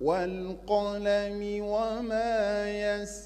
والقلم وما يسر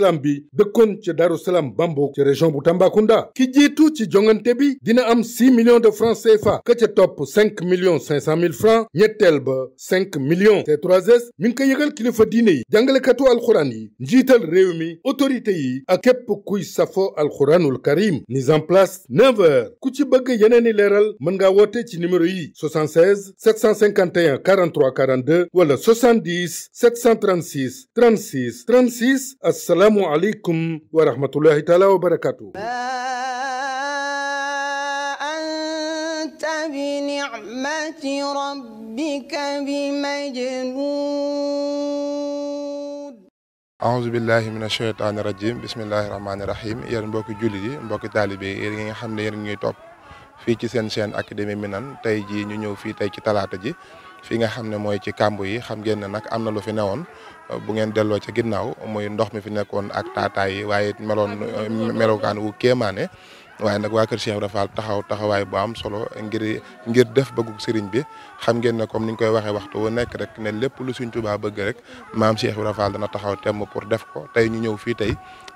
islam bi dëkkoon ca Bambo ca région bu Tambacounda ki jiitu ci jongante bi dina am 6 million de francs CFA ka ca topp 5 millions 500 mille francs ñetteel ba 5 millions C3S mi ngi ko yëgal kilifa diine yi jàngalekatu alxuraan yi njiital réew mi autorité yi ak képp kuy safo alxuraanul karim mise en place 9 heures ku ci bëgg yeneeni leeral mën ngaa woote ci numéro yi 76 751 43 42 wala 70 736 36 36 asalaam asalaamu aleykum wa rahmatullahi taala wa barakaatu anta bi ni'mati rabbika bi majnuun aouzu billahi min asheytaani rajim bismillahi rahmaani rahim yéen mbokki jullit yi mbokki taalibe yi yéen nga xam ne yéen ñuy topp fii ci seen chaîne académie Minane tey jii ñu ñëw fii tey ci talaata ji fi nga xam ne mooy ci kàmb yi xam ngeen ne nag am na lu fi newoon euh, bu ngeen delloo ca ginnaaw muy ndox mi fi nekkoon ak taataay yi waaye meloon euh, melokaan wu kéemaane waaye nag waa kër Cheikh Ibra Fall taxaw taxawaay bo am solo ngir ngir def bëggu sëriñ bi xam ngeen ne comme ni ñu koy waxee waxtu wu nekk rek ne lépp lu Sëriñ Tuubaa bëgg rek maam Cheikh Ibra Fall dana taxaw temm pour def ko tey ñu ñëw fii tey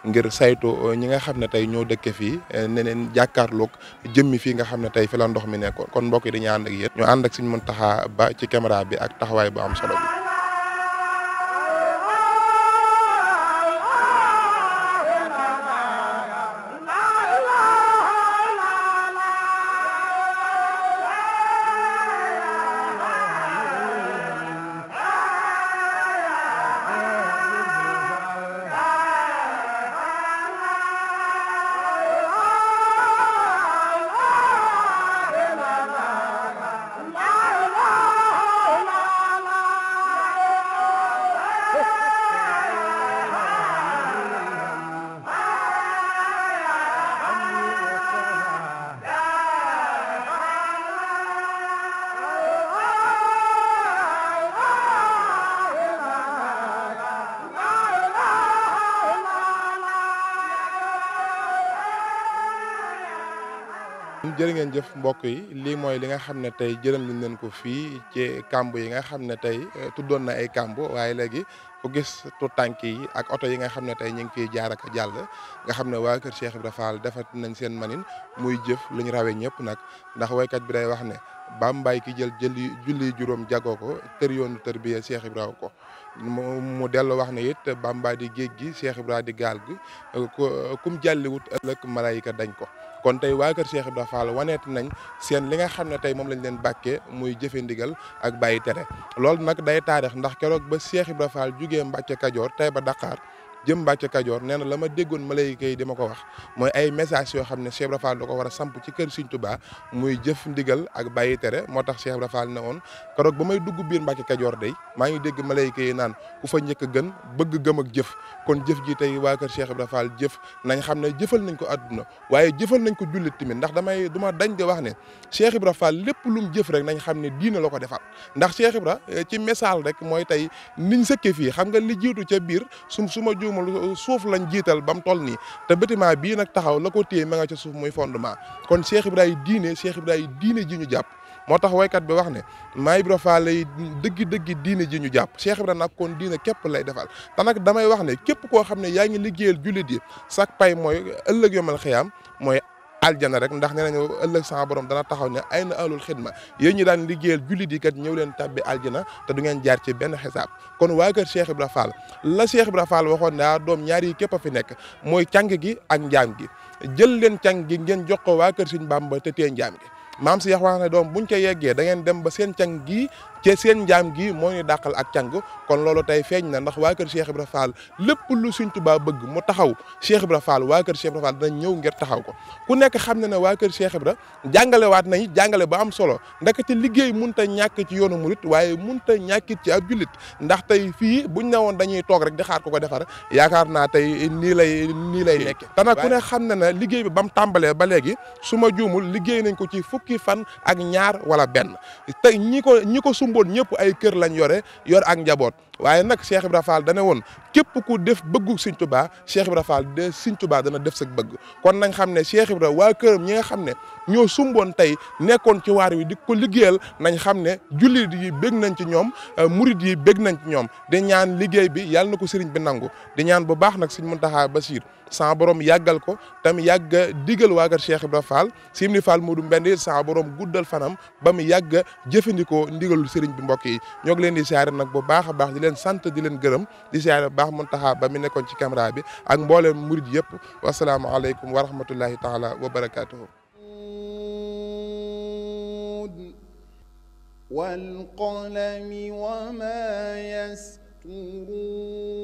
ngir saytu uh, ñi nga xam ne tey ñoo dëkke fii uh, neneen jàkkaarloog jëmmi fii nga xam ne tey fi ndox mi nekkoon kon mbokk yi dañuy ànd ak yéen ñu ànd ak Sëriñ Muntaxa Ba ci caméra bi ak taxawaay bu am solo jërë ngeen jëf mbokk yi lii mooy li nga xam ne tey jërëm nañ leen ko fii ci kàmb yi nga xam ne tey euh, tuddoon na ay kàmb waaye léegi ku gis tu tànk yi ak oto yi nga xam ne tey ñu ngi fiy jaar ak jàll nga xam ne waa kër Cheikh Ibra Fall defat nañ seen manin muy jëf lu ñu rawee ñëpp nag ndax waykat bi day wax ne mbaay ki jël jëli julli juróom jagoo ko tër yoonu tër bi Cheikh Ibra ko mu dellu wax ne it bàmbaay di géej gi Cheikh Ibra di gaal gi ku kum jàlliwut ëllëg malayka dañ ko kon tey waa kër Cheikh Ibrahima Fall waneet nañ seen li nga xam ne tey moom lañ leen bàkkee muy jëfe ndigal ak bàyyi tere loolu nag day taarix ndax keroog ba Cheikh Ibrahima Fall jugee Mbàkke Kajoor tey ba Dakar jëm Mbàcke Kajoor nee na la ma déggoon malayka yi di ma ko wax mooy ay message yoo xam ne Cheikh Ibra Fall da ko war a samp ci kër Sëriñ Tuubaa muy jëf ndigal tere moo tax Cheikh Ibra Fall ne woon keroog ba may dugg biir Mbàcke Kajoor day maa ngi dégg malayka yi naan ku fa njëkk gën bëgg gëm ak jëf kon jëf ji tey waa kër Cheikh Ibra jëf nañ xam ne jëfal nañ ko àdduna waaye jëfal nañ ko jullit tamit ndax damay duma dañ di wax ne Cheikh Ibra Fall lépp lu jëf rek nañ xam ne diina la ko defal ndax Cheikh Ibra eh, ci message rek mooy tey niñ sëkke fii xam nga li jiitu ca biir su suma juum moom suuf lañ jiital ba mu toll nii te bâtiment bii nag taxaw la ko téye ma nga ca suuf muy fondement kon Cheikh Ibrahima diine Cheikh Ibrahima diine ji ñu jàpp moo tax waykat bi wax ne maa Ibra Faal lay dëggi dëggi diine ji ñu jàpp Cheikh Ibra nag kon diine képp lay defal te nag damay wax ne képp koo xam ne yaa ngi liggéeyal jullit yi sak pay mooy ëllëg yomal xiyaam mooy aljana rek ndax nee nañu ëllëg sama borom dana taxaw ne ay na alul xidma yéen ñi daan liggéeyal jullit yi kat ñëw leen tabbi aljana te du ngeen jaar ci benn xisaab kon waa kër Cheikh Ibra Fall la Cheikh Ibra Fall waxoon daa ah doom ñaar yi képp a fi nekk mooy càng gi ak njaam gi jël leen càng gi ngeen jox ko waa kër Sëñ Bàmba te tee njaam maam si yax wax ne doom buñ ca yeggee da ngeen dem ba seen càng gii ci seen njaam gi moo ñu dàqal ak càng kon loolu tey feeñ na ndax waa kër Cheikh Ibra Fall lépp lu Sëriñ Tuubaa bëgg mu taxaw Cheikh Ibra Fall waa kër Cheikh Ibra Fall ñëw ngir taxaw ko ku nekk xam na ne waa kër Cheikh Ibra jàngalewaat nañ jàngale ba am solo ndax ci liggéey mun ta ñàkk ci yoonu murit waaye mun ta ñàkkit ci ab jullit ndax tey fii buñ ne woon dañuy toog rek di xaar ko ko defar yaakaar naa tey nii lay nii lay nekk te nag ku ne xam na ne liggéey bi ba mu tàmbalee ba léegi suma ma liggéey nañ ko ci fukki fan ak ñaar wala benn Mboon ñëpp ay kër lañ yore yor ak njaboot waaye nag Cheikh Ibra Fall dana woon képp ku def bëggu Sëñ Tuubaa Cheikh Ibra Fall de Sëñ Tuubaa dana def sa bëgg kon nañ xam ne Cheikh Ibra waa këram ñi nga xam ne ñoo sumboon tey nekkoon ci waar wi di ko liggéeyal nañ xam ne jullit yi bég nañ ci ñoom euh, murid yi bég nañ ci ñoom di ñaan liggéey bi yàlla na ko sëriñ bi nangu di ñaan bu baax nag Sëñ Muntaxa Basiir sa boroom yàggal ko tam yàgga digal waa kër Cheikh Ibra Fall Simni Fall Moodu Mbend sa borom fanam ba mu yàgga jëfandikoo sëriñ bi mbokk yi ñoo ngi leen di siyaare nag bu baax a baax di leen sant di leen gërëm di siyaare bu baax Muntaxa ba mi nekkoon ci caméra bi ak mbooleem murid yëpp wasalaamaaleykum wa rahmatullahi taala wa barakaatuhu wal qalami wa ma yasturuun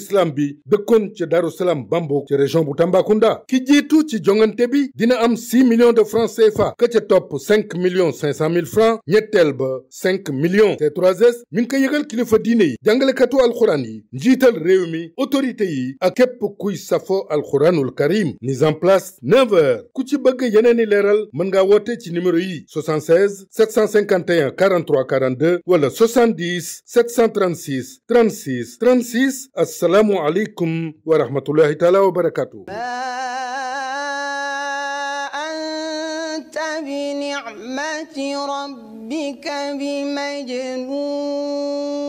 l'islam bi dëkkoon ca Daaru Salaam Bambo ca région bu Tambacounda ki jiitu ci jongante bi dina am 6 million de francs CFA ka ca topp 5 millions 500 mille francs ñetteel ba 5 millions c 3 mi ngi ko yëgal kilifa diine yi jàngalekatu alxuraan yi njiital réew mi autorité yi ak képp kuy safo alxuraanul karim mise en place 9 heures ku ci bëgg yeneeni leeral mën ngaa woote ci numéro yi 76 751 43 42 wala 70 736 36 36 asalaamualeykum wa rahmatullahi taala wa barakaatu. bi ni'mati rabbika bi majnun